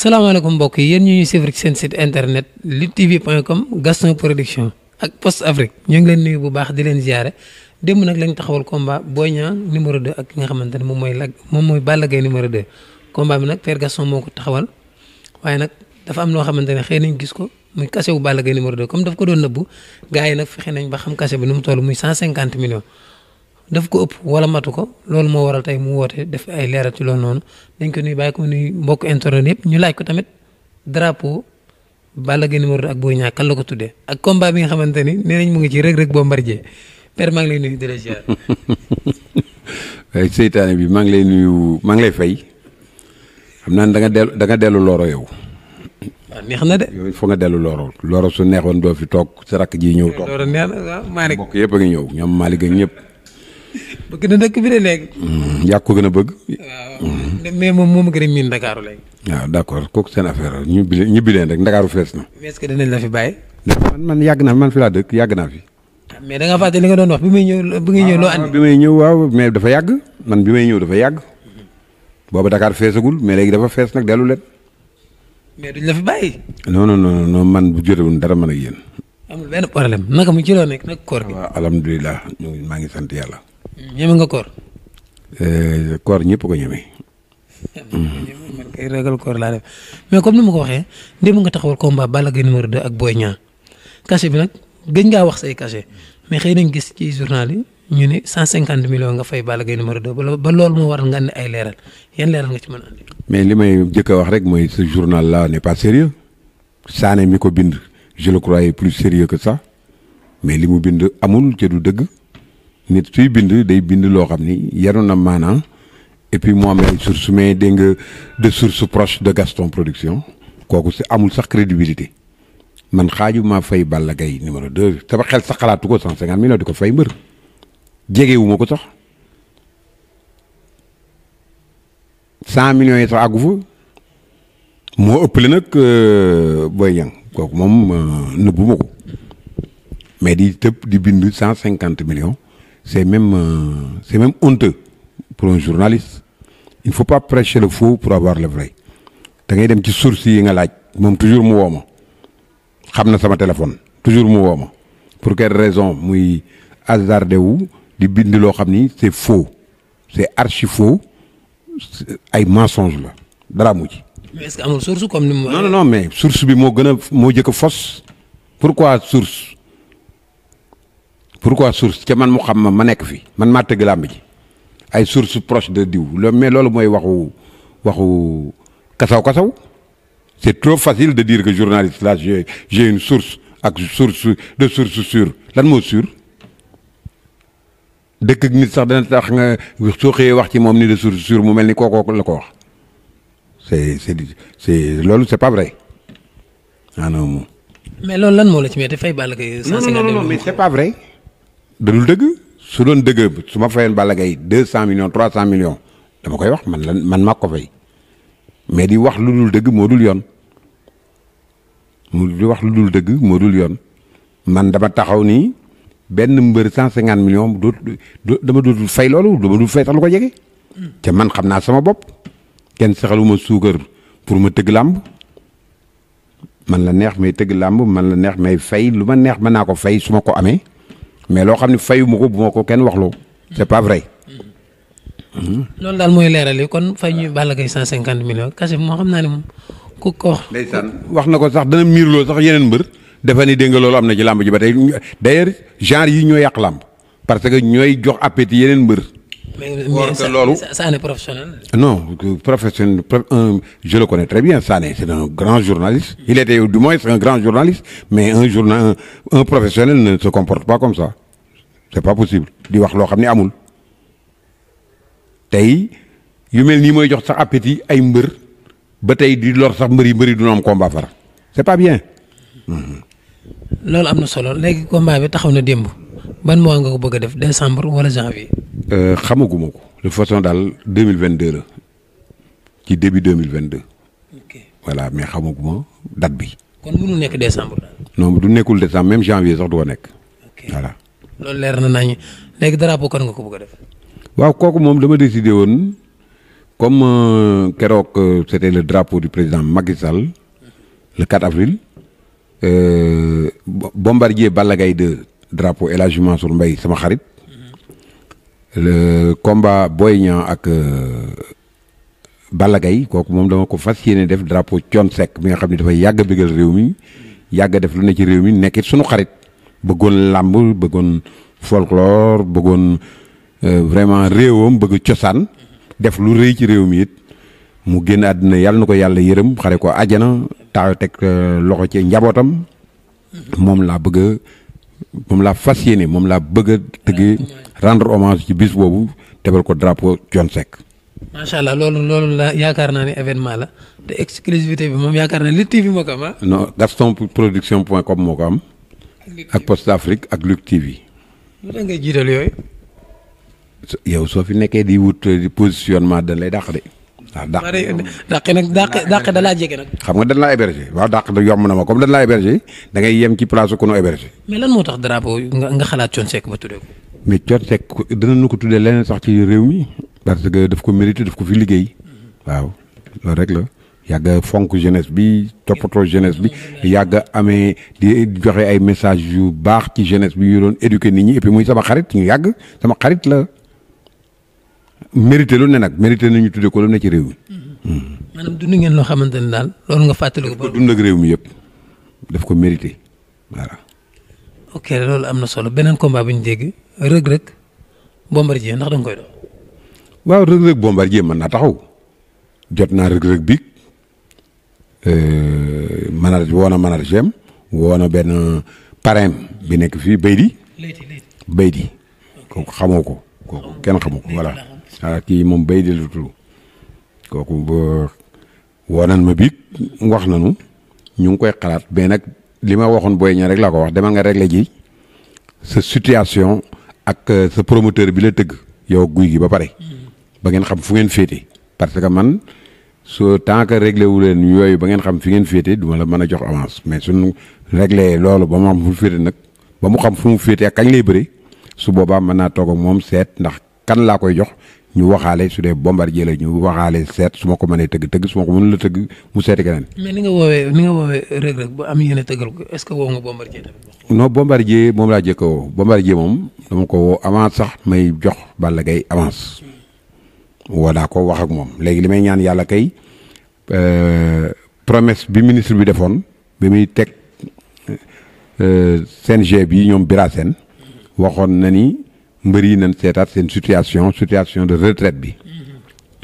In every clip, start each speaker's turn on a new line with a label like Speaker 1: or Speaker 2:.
Speaker 1: salaamaaleykum mbokk yi yéen ñu ñu suivre ci seen site internet luttetv.com Gaston Production ak Post Afrique ñoo ngi leen nuyu bu baax di leen ziare démb nag lañ taxawal combat Boy Niang numéro 2 ak ki nga xamante ne moom mooy lag moom mooy Balla Gaye numéro 2. combat bi nag Père Gaston moo ko taxawal waaye nag dafa am loo xamante ne xëy nañ gis ko muy cachet bu Balla Gaye numéro 2 comme daf ko doon nëbbu gars yi nag fexe nañ ba xam cachet bi nu mu toll muy 150 millions. daf ko ëpp wala matu ko loolu moo waral tey mu woote def ay leeral ci noonu dañ ko nuy bàyyi ko nuy mbokk internet yëpp ñu laaj tamit drapeau Balla Gaye numéro 2 la ko tuddee ak combat bi nga xamante ni nee mu ngi ci Reug Reug Bombardier père maa ngi lay nuyu di
Speaker 2: bi maa ngi lay maa ngi lay fay xam naa ne da nga dellu da nga yow. waaw ah, neex na de. foo nga dellu loro loro su neexoon doo fi toog sa rakk ji ñëw toog.
Speaker 1: loro neex na
Speaker 2: waaw ñëw ñoom Malick ak ñëpp. bëgg na dëkk bi de léegi. Hmm, yaa ko gën a bëgg. waaw
Speaker 1: mais moom moo ma gën a miin Ndakaaru léegi.
Speaker 2: waaw ah, d' accord kooku seen affaire ñu bi leen ñu bi leen rek Ndakaaru fees na.
Speaker 1: mais est ce fi bàyyi.
Speaker 2: man man yàgg naa man laa dëkk yàgg naa fi. Ah, mais nga doon wax bi may ñëw bi ngay ñëw loo andi. Ah, bi waaw mais dafa yàgg man bi may ñëw dafa yàgg. boobu dakaar feesagul mais léegi dafa fees nag dellu leen.
Speaker 1: mais duñ la fi bàyyi.
Speaker 2: non non man bu jotewul dara man a yéen.
Speaker 1: amul benn problème naka mu ci loo nekk nag koor gi. waaw
Speaker 2: alhamdulilah
Speaker 1: ñu maa ngi sant yàlla. ñeme nga koor.
Speaker 2: Eh, koor ñëpp ko ñeme.
Speaker 1: man koor laa mais comme ni ma ko waxee ndéem nga taxawal combat Balla Gaye numéro 2 ak booy Niang cachet bi nag gëj ngaa wax say cachet mais xëy nañ gis ci journal yi ñu ne 150 millions nga fay Balla Gaye numéro 2 ba loolu moo waral nga ay leeral yan leeral nga mën a andi.
Speaker 2: mais li may jëkk a wax rek mooy ce journal là n'est pas sérieux Sané mi ko bind je le croyais plus sérieux que ça mais li mu bind amul ca dëgg. nit suy bind day bind loo xam ni yaru na maanaa et puis mu am ay source mais dégg nga de source proche de Gaston Production kooku si amul sax crédibilité man xaaju maa fay Balla Gaye numéro 2 sama xel sax xalaatu ko 150 millions di ko fay mbër jegewu ma ko sax 100 million yi sax àggu fa moo ëppale nag euh, Boy Niang kooku moom euh, nëbbu ma ko mais di tëb di bind 150 millions. c'est même, euh, c'est même honteux pour un journaliste. Il ne faut pas prêcher le faux pour avoir le vrai. da ngay dem ci source yi nga laaj moom toujours mu wooma xam na sama téléphone toujours mu woo ma pour quelle raison muy hasardé wu di bind loo xam ni c'est faux c'est archi faux ay mensonge la dara mu ci. mais est mais source bi moo gën a moo jëkk a fos. pourquoi source pourquoi source ca man mu xam ma ma nekk fi man maa tëgg làmb ji ay source proche de diw loolu mais loolu mooy waxu waxu kasaw kasaw c'est trop facile de dire que journaliste la j'ai j'ai une source ak source de source sûre lan moo sûre dëkk ak nit sax dana tax nga soo xëyee wax ci moom ni de source sûre mu mel ni koo kookoo la ko wax c'est c'est c'est loolu c'est pas vrai ah non.
Speaker 1: mais loolu lan moo la ci metti fay Balla Gaye.
Speaker 2: non non non mais c'est pas vrai. dadul dëgg su doon dëgg su ma fayoon Balla Gaye deux cent millions trois cent millions dama koy wax man lan man maa ko fay mais di wax lu dul dëgg moo dul yoon mu di wax lu dul dëgg moo dul yoon man dama taxaw nii benn mbër cent cinquante millions doot dama dootul fay loolu dama dul fay sax lu ko jege. te man xam naa sama bopp kenn saxaluma suukar pour ma tëgg làmb man la neex may tëgg làmb man la neex may fay lu ma neex mën naa ko fay su ma ko amee. mais loo xam ne fayu ma ko bu ma ko kenn waxloo c'est pas vrai.
Speaker 1: loolu daal mooy leeral yi kon fay ñuy Balla Gaye 150 millions kese moo xam naa ne moom
Speaker 2: ku ko wax. wax na ko sax dana miir loolu sax yeneen mbër dafa ni dégg nga loolu am na ci làmb ji ba tey d'ailleurs genre yi ñoo yàq làmb parce que ñooy jox appétit yeneen mbër.
Speaker 1: mais loolu Sané professionnel.
Speaker 2: non professionnel je le connais très bien Sané c'est un grand journaliste. il était du moins c'est un grand journaliste mais un journal un professionnel ne se comporte pas comme ça c'est pas possible di wax loo xam ne amul tey yu mel nii mooy jox sax appétit ay mbër ba tey di lor sax mbëri mbëri du ñu am combat far c'est pas bien.
Speaker 1: loolu am na solo léegi combat bi taxaw na démb. ban mois nga ko bëgg a def décembre wala janvier.
Speaker 2: Euh, xamaguma ko de façon daal deux mille vingt deux la ci début deux mille vingt deux.
Speaker 1: ok voilà mais
Speaker 2: xamaguma date
Speaker 1: bi. kon mënu nekk décembre daal.
Speaker 2: non du nekkul décembre même janvier sox du ko nekk. voilà.
Speaker 1: loolu leer na léegi drapeau kan nga ko bëgg a def.
Speaker 2: waaw kooku moom dama décidé woon comme euh, keroog euh, c'était le drapeau du président Macky Sall le 4 avril. Bombardier Balla Gaye 2 drapeau El Hadj mbay sama xarit le combat Boy Niang ak euh, Balla Gaye kooku moom dama ko fas yéene def drapeau Thione Seck bi nga xam ne dafay yàgg bëggal réew mi yàgg def lu ne ci réew mi nekkit sunu xarit bëggoon làmb bëggoon folklore bëggoon euh, vraiment réewam bëgg cosaan def lu rëy ci réew mi it mu génn àddina yàlla na ko yàlla yërëm xare ko àjjana taaw teg euh, loxo ci njabootam moom laa bëgg moom laa fas yéene moom laa bëgg a tëggee rendre hommage ci bis boobu tebal ko drapeau Thione Seck.
Speaker 1: macha allah loolu loolu la yaakaar naa ne événement la te exclusivité bi moom yaakaar naa Lutte TV moo ko am
Speaker 2: ah. Gaston production point com ko am. ak Post Afrique ak Lutte TV.
Speaker 1: lu tax ngay jiital yooyu.
Speaker 2: yow soo fi nekkee di wut euh, di positionnement dañ lay dàq de. waaw dàq
Speaker 1: dàq nag dàq dàq da laa jege
Speaker 2: nag. xam nga dan laa héberger waaw dàq da yomb na ma comme dañ laa héberger da yem ci place ku nu héberger.
Speaker 1: mais lan moo tax drapeau nga xalaat Thione Seck ba tuddee ko.
Speaker 2: mais Thione Seck dinañu ko tuddee leneen sax ci réew mi. parce que daf ko mérité daf ko fi liggéey. waaw loolu rek la. yàgg fonk jeunesse bi toppatoo jeunesse bi yàgg amee di joxe ay message yu baax ci jeunesse bi yu doon éduquer nit ñi et puis muy sama xarit ñu yàgg sama xarit la. mérité lu ne nag mérité nañu tuddee ko lu ne ci réew mi. Mm-hmm.
Speaker 1: maanaam dund xamante ne daal loolu nga fàttaliku.
Speaker 2: ba dund mi yëpp ko mérité voilà.
Speaker 1: ok loolu am na solo beneen combat bu ñu dégg Reug Reug Bombardier ndax da koy
Speaker 2: waaw Reug Reug mën naa taxaw jot naa Reug Reug biig euh, manag woo na managem woo na benn parrain bi nekk fii Baydi. Baydi kooku xamoo ko kooku kenn xamoo ko ah kii moom bay di lu tudd kooku ba woo nan ma biig wax nanu ñu ngi koy xalaat mais nag li ma waxoon booy ña rek laa ko wax demal nga régler ji sa situation ak euh, sa promoteur bi la tëgg yow guy gi ba pare mm-hmm. ba ngeen xam fu ngeen féete parce que man su tant que réglé wu leen yooyu ba ngeen xam fi ngeen féete duma la mën a jox avance mais suñu réglé loolu ba mu xam fu mu féete nag ba mu xam fu mu féete ak kañ lay bëri su boobaa mën naa toog ak moom seet ndax kan laa koy jox ñu waxaale su dee bombardier la ñu waxaale seet su ma ko mënee tëgg tëgg su ma ko mënul a tëgg mu seeti keneen.
Speaker 1: mais ni nga woowee ni nga woowee Reug rek ba am yéen a tëggal ko est-ce que woo nga bombardier tamit.
Speaker 2: non bombardier moom laa jëkk a woo bombardier moom dama ko woo avance sax may jox Balla avance. woo naa ko wax ak moom léegi li may ñaan yàlla kay euh, promesse bi ministre bi defoon bi muy teg seen euh, euh, CNG bi ñoom Bira Sène waxoon na ni. mbër yi nañ seetaat seen situation situation de retraite bi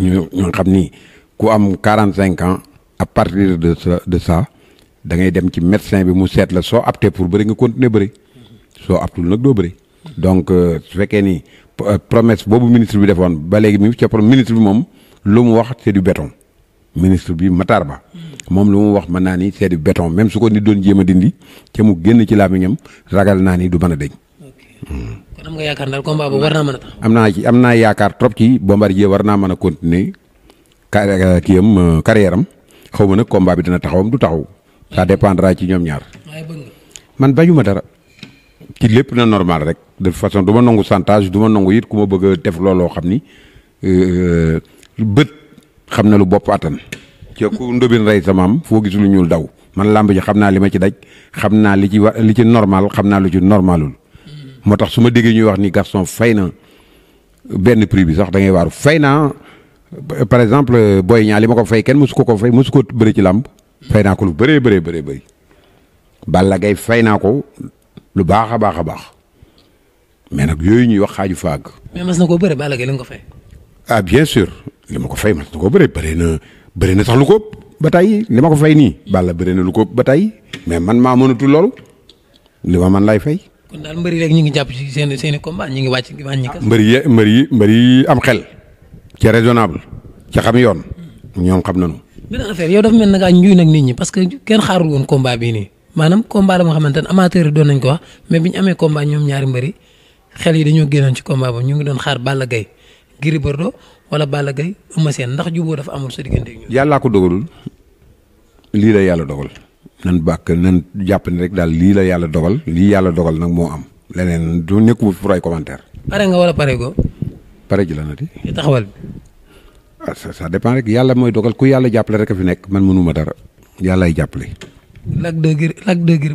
Speaker 2: ñu ñoo xam ni ku am quarante cinq ans à partir de ça de ça da ngay dem ci médecin bi mu seet la soo aptee pour bëri nga continuer bëri soo aptul nag doo bëri donc euh, su fekkee ni euh, promesse boobu ministre bi defoon ba léegi mi ca ministre bi moom lu mu wax c'est du béton ministre bi Matar Ba moom lu mu wax mën naa ni c'est du béton même su ko nit doon jéem a dindi ca mu génn ci laa mi làmmiñam ragal naa ni du mën a deñ
Speaker 1: kon am nga yaakaar daal combat
Speaker 2: am naa ci am naa yaakaar trop ci Bombardier war naa man a continuer car kii am euh, carrière xaw ma nag combat bi dina taxawam du taxaw. ça dépendra ci ñoom ñaar. man bañuma dara. ci lépp na normal rek de façon du ma santage chantage du ma nangu it ku ma bëgg a def looloo xam ni euh, bët xam na lu bopp attan. ci ku ndóbin rey sa maam foo gisul ñuul daw man làmb ji xam naa li ma ci daj xam naa li ci wa li ci normal xam naa lu ci normalul. moo tax su ma déggee ñuy wax nii Gaston fay na benn prix bi sax da ngay waaru fay naa par exemple Boy ñaa li ma ko fay kenn mosu ko ko fay mosu ko bëri ci làmb fay naa ko lu bëree bëree bëree bëri Balla Gaye fay naa ko lu baax a baax a baax mais nag yooyu ñuy wax xaaju faag.
Speaker 1: mais mas na ko bëri Balla Gaye li nga ko fay.
Speaker 2: ah bien sûr li ma ko fay mas na koo bëri bëri na bëri na sax lu ko ba tey li ma ko fay nii. Balla bëri na lu ko ba tey mais man maa mënatul loolu li ma man lay fay.
Speaker 1: kon daal mbëri rek ñu ngi jàpp ci seen seen i combat ñu ngi wàcc wàññi kas.
Speaker 2: mbëri yi am xel. ci raisonnable ci xam yoon. ñoom xam nañu.
Speaker 1: beneen affaire yo dafa mel ne ngaa ñuy nag nit ñi parce que kenn xaarul woon combat bii nii maanaam combat la nga xamante ne amateur yi doon nañ ko wax mais bi ñu amee combat ñoom ñaari mbëri xel yi dañoo génnoon ci combat ba ñu ngi doon xaar Balla Gaye Gris Bordeaux wala Balla Gaye Eumeu Sène ndax juboo dafa amul sa diggante ak
Speaker 2: ñoom. yàllaa ko yàlla dogal nan bàkk nan jàpp ni rek daal lii la yàlla dogal lii yàlla dogal nag moo am leneen du nekkul fu ay komanteer
Speaker 1: pare nga wala pare ko pare ji la na di. taxawal bi.
Speaker 2: ah ça ça yàlla mooy dogal ku yàlla jàppale rek a fi nekk man mënuma dara yàllaay jàppale.
Speaker 1: Lac de Guiers Lac de Guiers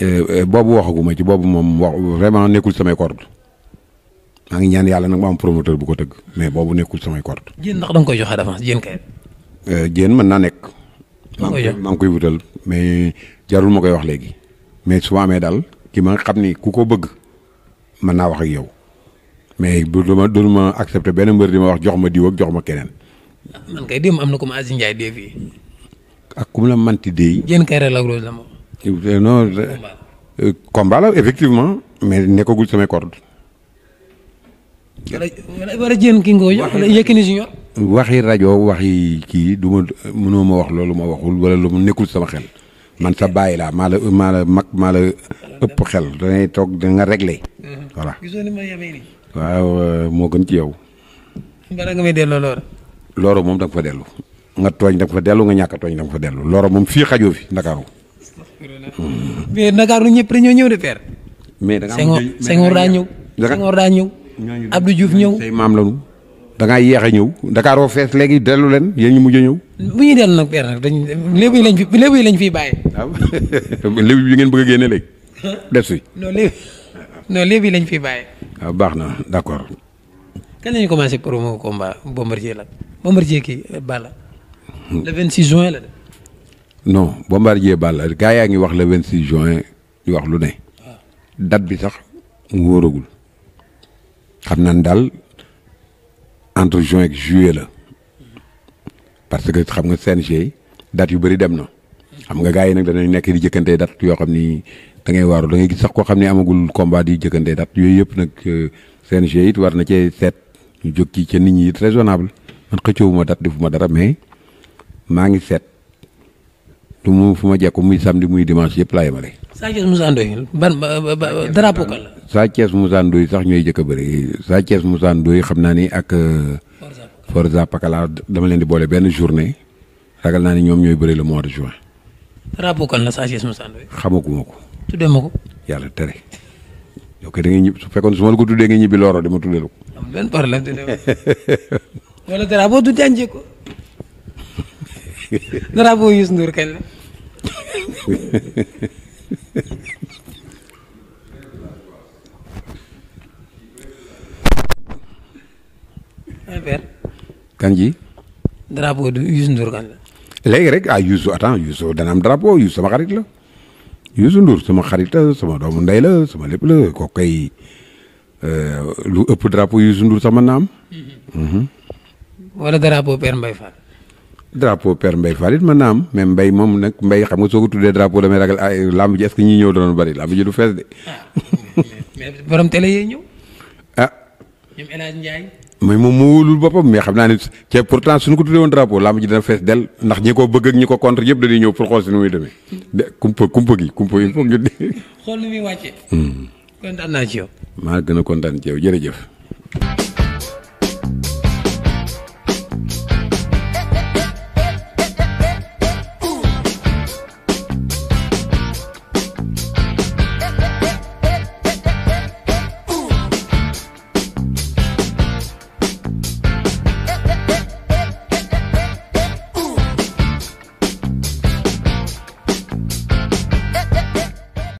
Speaker 2: eh, eh, boobu waxaguma ci boobu moom wax vraiment nekkul samay corde maa ngi ñaan yàlla nag ma am promoteur bu ko tëgg mais boobu nekkul samay corde.
Speaker 1: jéen ndax da koy joxe d'avance jéen kay.
Speaker 2: Eh, jéen mën naa nekk. Oh, maa ngi koy wutal mais jarul ma koy wax léegi mais su amee daal kii ma xam ni ku ko bëgg mën naa wax ak yow mais bu duma du ma accepté benn mbër di ma wax jox ma diw ak jox ma keneen.
Speaker 1: man kay démb am na ko ma Aziz Ndiaye
Speaker 2: ak ku mu manti dee. jën kay rek la euh, euh, la non combat la effectivement mais nekkagul samay corde.
Speaker 1: wala wala jën ki
Speaker 2: waxi rajo waxi kii du ma mënoo ma wax loolu ma waxul wala lu mu nekkul sama xel man sa bàyyi laa maa la maa mag maa la ëpp xel dangay toog da nga réglé. Mhm. voilà waaw euh, ci yow.
Speaker 1: mbaa nga may delloo loolu.
Speaker 2: loolu moom da nga fa dellu. nga tooñ da fa dellu nga ñàkk a tooñ da nga fa dellu loolu moom fii xajoo fi Ndakaaru.
Speaker 1: mais Ndakaaru ñëpp dañoo ñëw de père.
Speaker 2: mais da nga daa ñëw. Senghor daa ñëw. maam la da ngaa yéex a ñëw Dakar fees léegi dellu leen yéen ñu mujj a ñëw.
Speaker 1: bu ñuy dellu nag père nag dañ lébu yi lañ fi lébu yi lañ fiy bàyyi.
Speaker 2: waaw lébu bi ngeen bëgg a génne léegi. def si.
Speaker 1: yi lañ fi bàyyi.
Speaker 2: waaw baax na d'accord. kañ la ñu
Speaker 1: commencé promo combat Bombardier la Bombardier kii Balla. le 26 juin la de.
Speaker 2: non Bombardier Balla gaa yaa ngi wax le 26 juin ñu wax lu ne. Ah. date bi sax mu xam nañ daal. entre juin ak juillet la parce que xam nga CNG date yu bari dem na xam nga gars yi nag danañ nekk di jëkkante dat yoo xam ni da ngay waaru da ngay gis sax koo xam ni amagul combat di jëkkante dat yooyu yëpp nag euh, CNG it war na cee seet ñu jóg ci ca nit ñi it raisonnable man xëccoowuma date defuma dara mais maa ngi seet. te mu fu ma jekku muy samedi muy dimanche yëpp laa yemale.
Speaker 1: Sa Thiès Moussa Ndoye ban drapeau kan la.
Speaker 2: Sa Thiès Moussa Ndoye sax ñooy jëkk a bëri Sa Thiès Moussa Ndoye xam naa ni ak. Euh, Forza Pakala dama leen di boole benn journée ragal naa ni ñoom ñooy bëri le mois de juin.
Speaker 1: drapeau kan la Sa Thiès Moussa Ndoye.
Speaker 2: xamaguma ko. tuddee ma ko. yàlla tere. ok da ngay ñib su fekkoon su ma la ko tuddee nga ñibbi looro dama tuddee la
Speaker 1: ko. drapeau Youssou Ndour kañ
Speaker 2: la. affaire. kan ji.
Speaker 1: drapeau du Youssou Ndour kan la.
Speaker 2: léegi rek ah Youssou attends Youssou dana am drapeau sama xarit la Youssou Ndour sama xarit la sama doomu ndey la sama lépp la kooku euh, lu ëpp drapo Youssou Ndour sama naam. Mm-hmm.
Speaker 1: wala drapeau Père Mbaye
Speaker 2: drapeau per Mbaye Fall ma mën naa mbay mais Mbaye moom nag mbay xam nga soo ko tuddee drapeau damay ragal ah làmb ji est-ce que ñëw doon bari làmb ji du fees de. Ah, mais borom télé yee ñëw. ah.
Speaker 1: ñoom El Hadj Ndiaye.
Speaker 2: xam naa ne te pourtant suñu ko tuddee woon drapeau làmb ji dana fees del ndax ñi ko bëgg ak ñi ko contre yëpp dañuy ñëw pour xool si nu muy demee. de kumpa kumpa gi kumpa yi foog ñu. nu muy wàccee. Hmm. naa ci maa gën a kontaan ci yow jërëjëf.